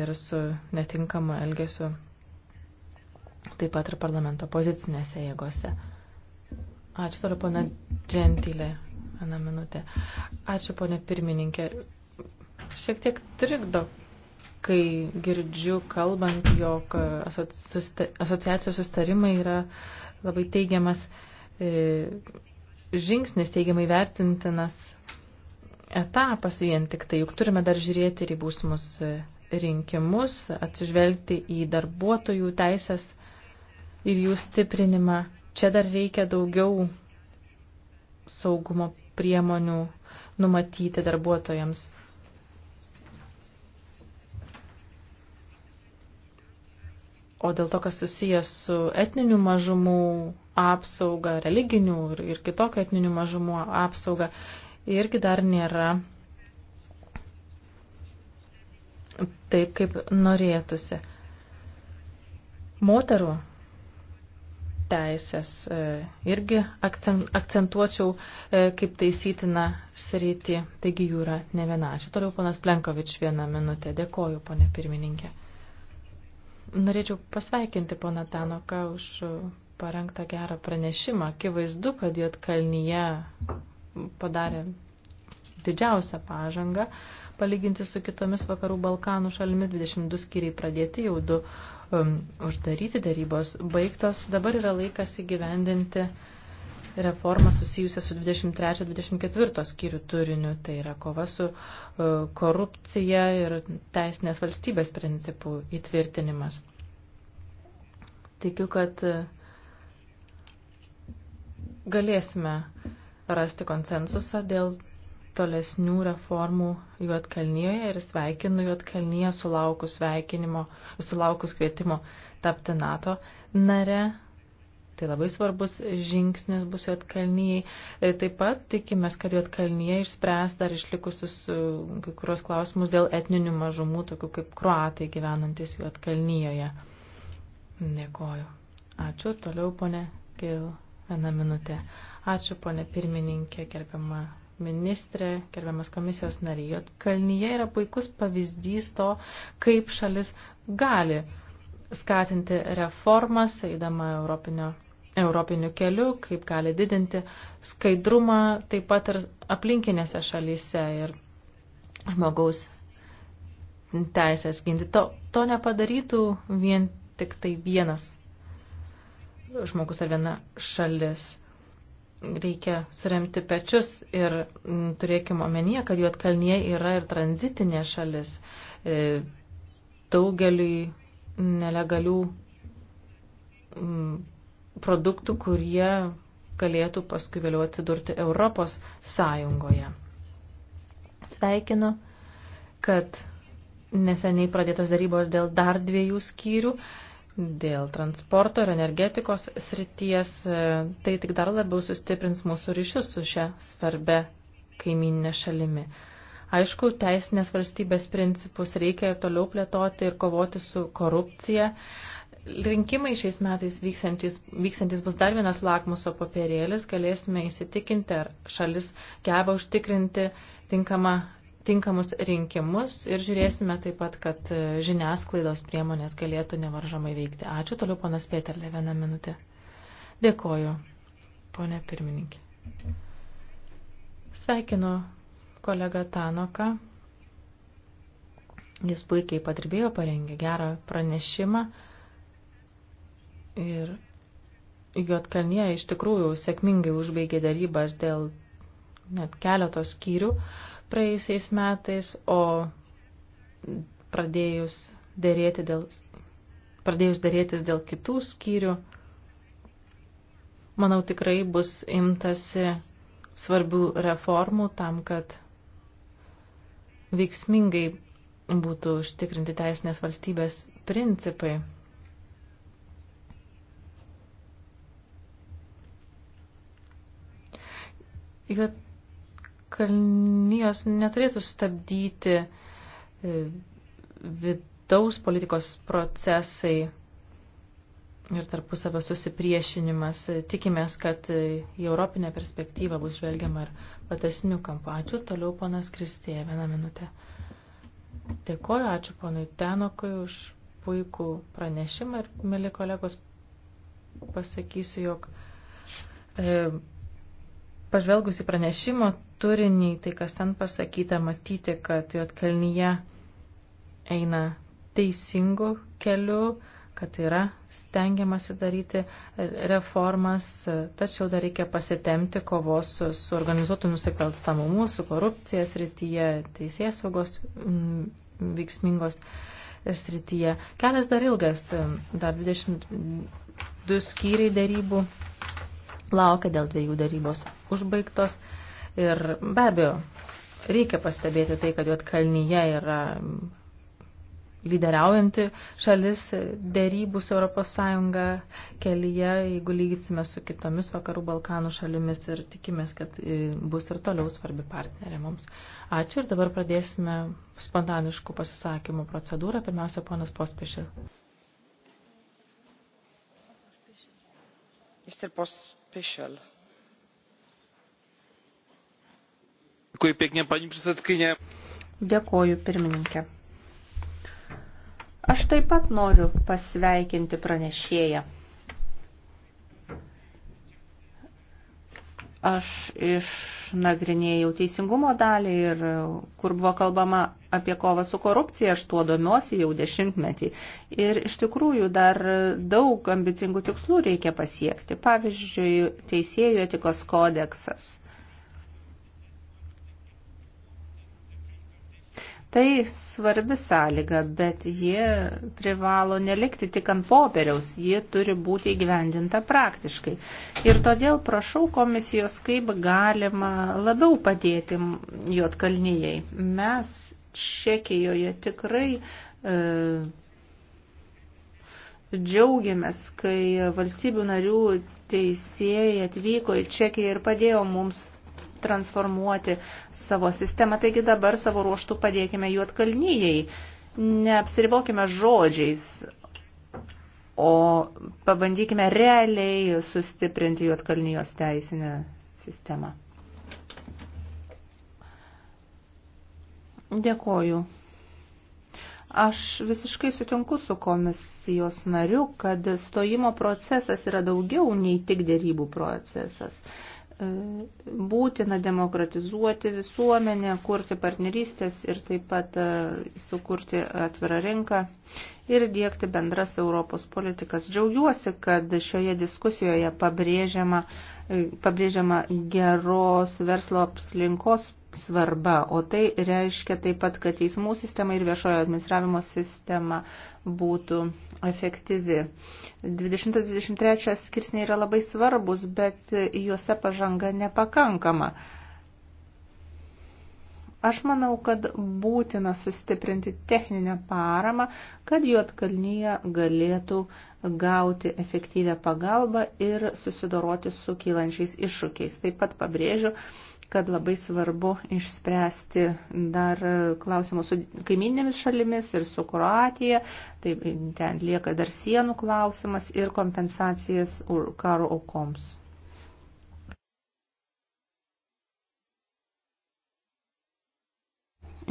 [SPEAKER 2] ir su netinkama elgesiu taip pat ir parlamento pozicinėse jėgose. Ačiū toliau, pana Džentilė. Vieną minutę. Ačiū, ponė pirmininkė. Šiek tiek trikdo, kai girdžiu kalbant, jog asociacijos sustarimai yra labai teigiamas E, žingsnis teigiamai vertintinas etapas vien tik tai, juk turime dar žiūrėti ir į būsimus e, rinkimus, atsižvelgti į darbuotojų teisės ir jų stiprinimą. Čia dar reikia daugiau saugumo priemonių numatyti darbuotojams. O dėl to, kas susijęs su etninių mažumų apsaugą, religinių ir, ir kitokio etninių mažumų apsaugą, irgi dar nėra taip, kaip norėtųsi. Moterų teisės e, irgi akcentuočiau e, kaip taisytina sritį, taigi jų yra ne viena. Ačiū toliau, ponas Plenkovič, vieną minutę. Dėkoju, ponė pirmininkė. Norėčiau pasveikinti poną Tanoką už parengtą gerą pranešimą. Akivaizdu, kad Jotkalnyje padarė didžiausią pažangą palyginti su kitomis vakarų Balkanų šalimis. 22 skyriai pradėti, jau du um, uždaryti darybos baigtos. Dabar yra laikas įgyvendinti reformą susijusią su 23-24 skyrių turiniu. Tai yra kova su uh, korupcija ir teisinės valstybės principų įtvirtinimas. Tikiu, kad uh, galėsime rasti konsensusą dėl tolesnių reformų Juotkalnyje ir sveikinu Juotkalnyje sulaukus, sulaukus kvietimo tapti NATO nare. Tai labai svarbus žingsnis bus Juotkalnyje. Taip pat tikimės, kad Juotkalnyje išspręs dar išlikusius e, kai kurios klausimus dėl etninių mažumų, tokių kaip kruatai gyvenantis Juotkalnyje. Dėkoju. Ačiū. Toliau, ponė Gil. Viena minutė. Ačiū, ponė pirmininkė, gerbiama ministrė, gerbiamas komisijos nariai. Kalnyje yra puikus pavyzdys to, kaip šalis gali skatinti reformas, eidama europinio, europiniu keliu, kaip gali didinti skaidrumą taip pat ir aplinkinėse šalyse ir žmogaus teisės ginti. To, to nepadarytų vien tik tai vienas žmogus ar viena šalis. Reikia suremti pečius ir m, mm, turėkime omenyje, kad Juotkalnie yra ir tranzitinė šalis. E, daugeliui nelegalių m, mm, produktų, kurie galėtų paskui vėliau atsidurti Europos Sąjungoje. Sveikinu, kad neseniai pradėtos darybos dėl dar dviejų skyrių dėl transporto ir energetikos srities, e, tai tik dar labiau sustiprins mūsų ryšius su šia svarbia kaiminė šalimi. Aišku, teisinės valstybės principus reikia ir toliau plėtoti ir kovoti su korupcija. Rinkimai šiais metais vyksantis, vyksantis bus dar vienas lakmuso papirėlis, galėsime įsitikinti, ar šalis geba užtikrinti tinkamą tinkamus rinkimus ir žiūrėsime taip pat, kad e, žiniasklaidos priemonės galėtų nevaržomai veikti. Ačiū toliau, ponas Pėterlė, vieną minutę. Dėkoju, ponė pirmininkė. Sveikinu kolegą Tanoką. Jis puikiai padirbėjo, parengė gerą pranešimą ir Jotkalnie iš tikrųjų sėkmingai užbaigė darybas dėl net keletos skyrių. Uh, praėjusiais metais, o pradėjus, dėrėti dėl, pradėjus dėrėtis dėl kitų skyrių, manau tikrai bus imtasi svarbių reformų tam, kad veiksmingai būtų užtikrinti teisinės valstybės principai. Jot Juotkalnyjos neturėtų stabdyti e, vidaus politikos procesai ir tarpusavio susipriešinimas. Tikimės, kad į europinę perspektyvą bus žvelgiama ir platesnių kampų. Ačiū. Toliau ponas Kristėje, vieną minutę. Dėkoju, ačiū ponui Tenokui už puikų pranešimą ir, mėly kolegos, pasakysiu, jog e, pažvelgus į pranešimo turinį, tai kas ten pasakyta, matyti, kad Jotkalnyje eina teisingu keliu, kad yra stengiamasi daryti reformas, tačiau dar reikia pasitemti kovos su, su organizuotu nusikalstamumu, su korupcija srityje, teisės saugos mm, veiksmingos srityje. Kelias dar ilgas, dar 22 skyriai darybų laukia, dėl dviejų darybos užbaigtos. Ir be abejo, reikia pastebėti tai, kad Juotkalnyje yra lyderiaujanti šalis dėrybus Europos Sąjunga kelyje, jeigu lygitsime su kitomis vakarų Balkanų šalimis ir tikimės, kad e, bus ir toliau svarbi partnerė mums. Ačiū ir dabar pradėsime spontaniškų pasisakymų procedūrą. Pirmiausia, ponas Pospešil.
[SPEAKER 1] Mr. Pospešil paní předsedkyně. Dėkoju, pirmininkė. Aš taip pat noriu pasveikinti pranešėją. Aš išnagrinėjau teisingumo dalį ir kur buvo kalbama apie kovą su korupcija, aš tuo domiuosi jau dešimtmetį. Ir iš tikrųjų dar daug ambicingų tikslų reikia pasiekti. Pavyzdžiui, teisėjų etikos kodeksas Tai svarbi sąlyga, bet ji privalo nelikti tik ant popieriaus, ji turi būti įgyvendinta praktiškai. Ir todėl prašau komisijos, kaip galima labiau padėti juotkalnyjei. Mes Čekijoje tikrai e, džiaugiamės, kai valstybių narių teisėjai atvyko į Čekiją ir padėjo mums transformuoti savo sistemą. Taigi dabar savo ruoštų padėkime juotkalnyjei. Neapsiribokime žodžiais, o pabandykime realiai sustiprinti juotkalnyjos teisinę sistemą. Dėkoju. Aš visiškai sutinku su komisijos nariu, kad stojimo procesas yra daugiau nei tik dėrybų procesas būtina demokratizuoti visuomenę, kurti partnerystės ir taip pat e, sukurti atvirą rinką ir dėkti bendras Europos politikas. Džiaugiuosi, kad šioje diskusijoje pabrėžiama, e, pabrėžiama geros verslo aplinkos svarba, o tai reiškia taip pat, kad teismų sistema ir viešojo administravimo sistema būtų efektyvi. 2023 skirsniai yra labai svarbus, bet juose pažanga nepakankama. Aš manau, kad būtina sustiprinti techninę paramą, kad Juotkalnyje galėtų gauti efektyvę pagalbą ir susidoroti su kylančiais iššūkiais. Taip pat pabrėžiu, kad labai svarbu išspręsti dar klausimus su kaiminėmis šalimis ir su Kroatija. Taip, ten lieka dar sienų klausimas ir kompensacijas karo aukoms.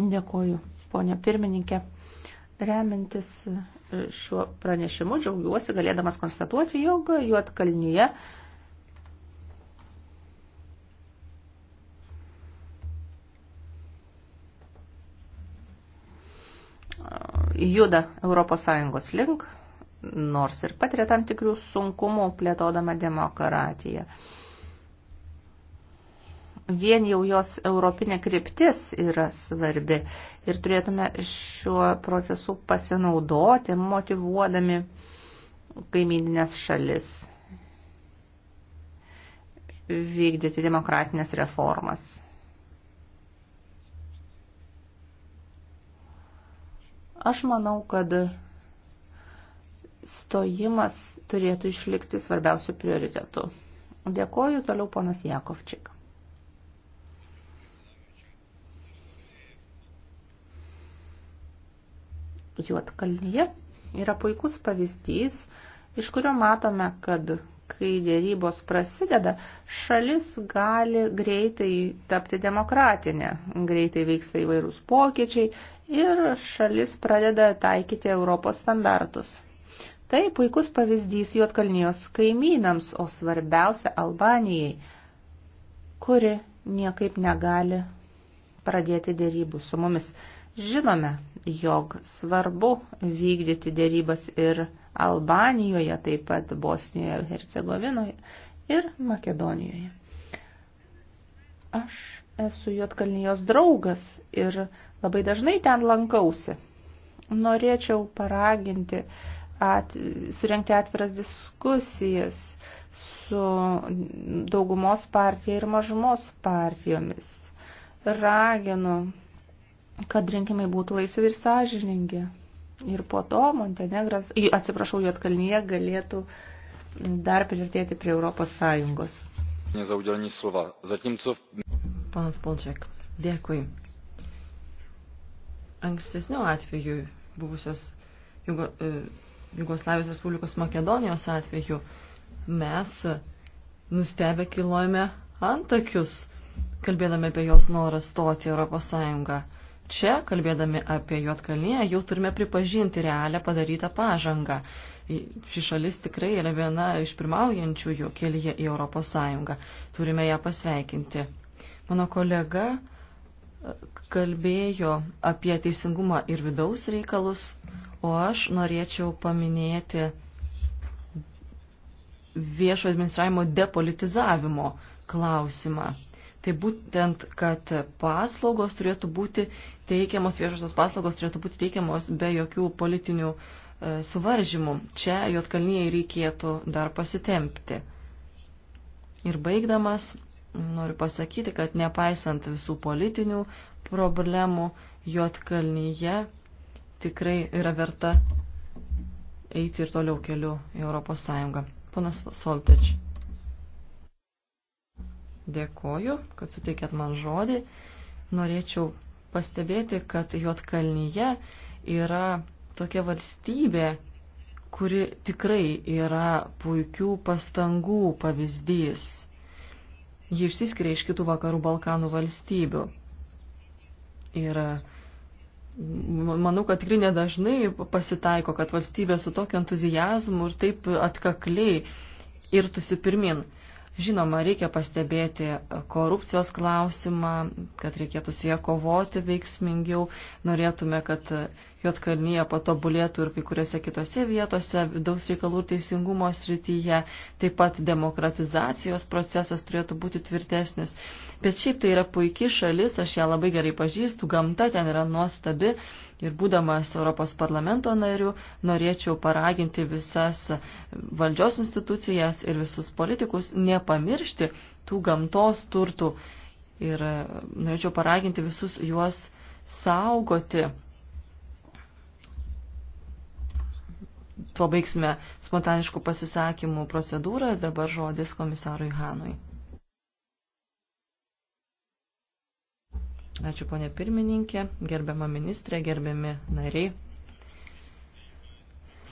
[SPEAKER 1] Dėkuoju, ponė pirmininkė. Remintis e, šiuo pranešimu džiaugiuosi galėdamas konstatuoti, jog Juotkalnyje juda Europos Sąjungos link, nors ir patiria tam tikrių sunkumų plėtodama demokratiją vien jau jos europinė kryptis yra svarbi ir turėtume šiuo procesu pasinaudoti, motivuodami kaimininės šalis vykdyti demokratinės reformas. Aš manau, kad stojimas turėtų išlikti svarbiausių prioritetų. Dėkoju toliau ponas Jakovčik. Juotkalnyje yra puikus pavyzdys, iš kurio matome, kad kai dėrybos prasideda, šalis gali greitai tapti demokratinė, greitai vyksta įvairūs pokyčiai ir šalis pradeda taikyti Europos standartus. Tai puikus pavyzdys Juotkalnijos kaimynams, o svarbiausia Albanijai, kuri niekaip negali pradėti dėrybų su mumis. Žinome, jog svarbu vykdyti dėrybas ir Albanijoje, taip pat Bosnijoje, Hercegovinoje ir Makedonijoje. Aš esu Jotkalnijos draugas ir labai dažnai ten lankausi. Norėčiau paraginti at, surenkti atviras diskusijas su daugumos partija ir mažumos partijomis. Raginu kad rinkimai būtų laisvi ir sąžiningi. Ir po to Montenegras, atsiprašau, Jotkalnyje galėtų dar priartėti prie Europos Sąjungos.
[SPEAKER 2] Nezaudelní slova. Zatímco...
[SPEAKER 3] Panas Polčiak, dėkui. Ankstesniu atveju buvusios Jugo, e, Jugoslavijos Respublikos Makedonijos atveju mes nustebę kilojame antakius, kalbėdami apie jos norą stoti Europos Sąjungą čia, kalbėdami apie Juotkalniją, jau turime pripažinti realią padarytą pažangą. Ši šalis tikrai yra viena iš pirmaujančiųjų kelyje į Europos Sąjungą. Turime ją pasveikinti. Mano kolega e, kalbėjo apie teisingumą ir vidaus reikalus, o aš norėčiau paminėti viešo administravimo depolitizavimo klausimą tai būtent, kad paslaugos turėtų būti teikiamos, viešosios paslaugos turėtų būti teikiamos be jokių politinių e, suvaržymų. Čia Jotkalnyje reikėtų dar pasitempti. Ir baigdamas, noriu pasakyti, kad nepaisant visų politinių problemų, Jotkalnyje tikrai yra verta eiti ir toliau keliu į Europos Sąjungą. Ponas Soltečiai. Dėkoju, kad suteikėt man žodį. Norėčiau pastebėti, kad Juotkalnyje yra tokia valstybė, kuri tikrai yra puikių pastangų pavyzdys. Ji išsiskiria iš kitų vakarų Balkanų valstybių. Ir manau, kad tikrai nedažnai pasitaiko, kad valstybė su tokiu entuzijazmu ir taip atkakliai irtusi pirmin. Žinoma, reikia pastebėti korupcijos klausimą, kad reikėtų su jie kovoti veiksmingiau. Norėtume, kad Jotkalnyje patobulėtų ir kai kuriuose kitose vietose vidaus reikalų ir teisingumo srityje, taip pat demokratizacijos procesas turėtų būti tvirtesnis. Bet šiaip tai yra puikia šalis, aš ją labai gerai pažįstu, gamta ten yra nuostabi ir būdamas Europos parlamento nariu norėčiau paraginti visas valdžios institucijas ir visus politikus nepamiršti tų gamtos turtų ir norėčiau paraginti visus juos saugoti tuo baigsime spontaniškų pasisakymų procedūrą. Dabar žodis komisarui Hanui. Ačiū ponė pirmininkė, gerbiama ministrė, gerbiami nariai.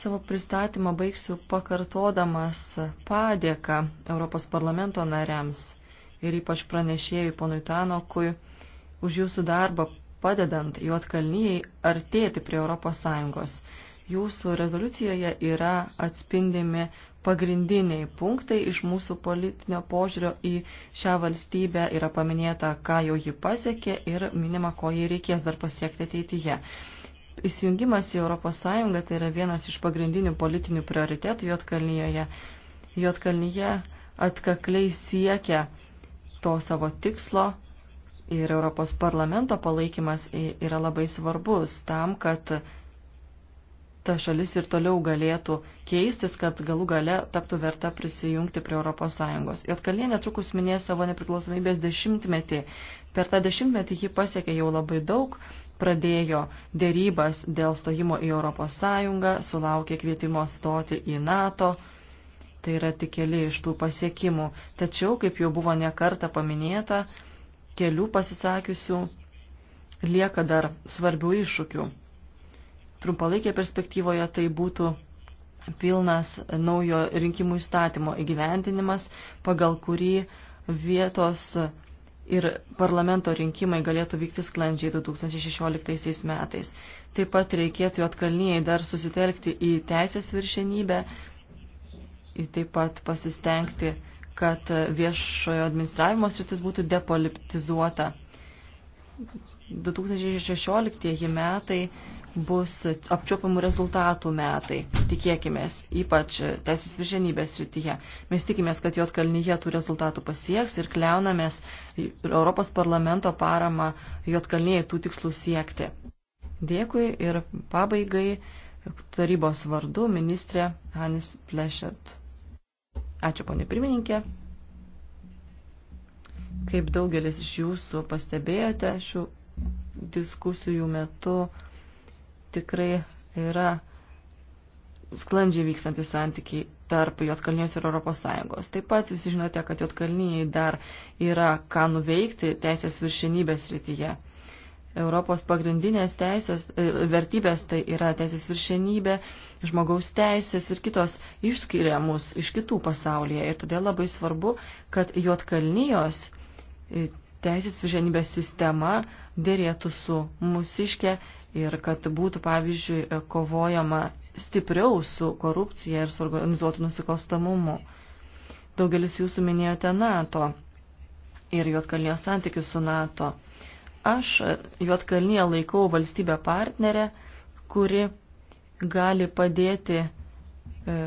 [SPEAKER 3] Savo pristatymą baigsiu pakartodamas padėką Europos parlamento nariams ir ypač pranešėjui ponui Tanokui už jūsų darbą padedant Juotkalnyjai artėti prie Europos Sąjungos. Jūsų rezoliucijoje yra atspindimi pagrindiniai punktai iš mūsų politinio požiūrio į šią valstybę yra paminėta, ką jau ji pasiekė ir minima, ko jai reikės dar pasiekti ateityje. Įsijungimas į ES tai yra vienas iš pagrindinių politinių prioritetų Jotkalnyje. Jotkalnyje atkakliai siekia to savo tikslo ir Europos parlamento palaikymas yra labai svarbus tam, kad ta šalis ir toliau galėtų keistis, kad galų gale taptų verta prisijungti prie ES. Jotkalnė netrukus minės savo nepriklausomybės dešimtmetį. Per tą dešimtmetį ji pasiekė jau labai daug, pradėjo dėrybas dėl stojimo į ES, sulaukė kvietimo stoti į NATO. Tai yra tik keli iš tų pasiekimų. Tačiau, kaip jau buvo nekarta paminėta, kelių pasisakiusių lieka dar svarbių iššūkių trumpalaikėje perspektyvoje tai būtų pilnas naujo rinkimų įstatymo įgyvendinimas, pagal kurį vietos ir parlamento rinkimai galėtų vykti sklandžiai 2016 metais. Taip pat reikėtų atkalnyjei dar susitelkti į teisės viršenybę ir taip pat pasistengti, kad viešojo administravimo sritis būtų depolitizuota. 2016 metai bus apčiopiamų rezultatų metai, tikėkimės, ypač teisės viršenybės srityje. Mes tikimės, kad Jotkalnyje tų rezultatų pasieks ir kliaunamės Europos parlamento paramą Jotkalnyje tų tikslų siekti. Dėkui ir pabaigai tarybos vardu ministrė Hanis Plešert. Ačiū, ponė pirmininkė. Kaip daugelis iš jūsų pastebėjote šių diskusijų metu, tikrai yra sklandžiai vykstantys santykiai tarp Jotkalnijos ir Europos Sąjungos. Taip pat visi žinote, kad Jotkalnijai dar yra ką nuveikti teisės viršenybės rytyje. Europos pagrindinės teisės, e, vertybės tai yra teisės viršenybė, žmogaus teisės ir kitos išskiria mus iš kitų pasaulyje. Ir todėl labai svarbu, kad Jotkalnijos e, teisės viršenybės sistema dėrėtų su mūsiškė ir kad būtų, pavyzdžiui, kovojama stipriau su korupcija ir su organizuotu nusikalstamumu. Daugelis jūsų minėjote NATO ir Juotkalnijos santykius su NATO. Aš Juotkalniją laikau valstybę partnerę, kuri gali padėti, e,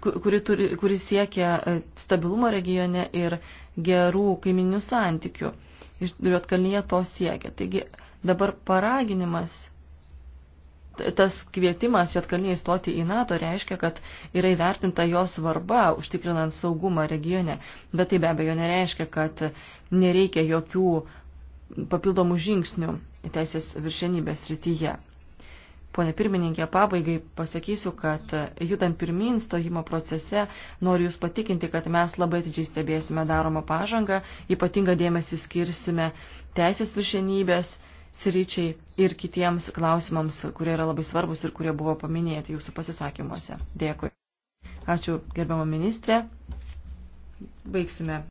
[SPEAKER 3] kuri, turi, kuri siekia e, stabilumo regione ir gerų kaiminių santykių. Juotkalnyje to siekia. Taigi, Dabar paraginimas, tas kvietimas Jotkalnyje įstoti į NATO reiškia, kad yra įvertinta jo svarba užtikrinant saugumą regione, bet tai be abejo nereiškia, kad nereikia jokių papildomų žingsnių teisės viršenybės rytyje. Pone pirmininkė, pabaigai pasakysiu, kad judant pirmin stojimo procese noriu Jūs patikinti, kad mes labai atidžiai stebėsime daromą pažangą, ypatingą dėmesį skirsime teisės viršenybės sričiai ir kitiems klausimams, kurie yra labai svarbus ir kurie buvo paminėti jūsų pasisakymuose. Dėkui. Ačiū gerbiamą ministrę. Baigsime.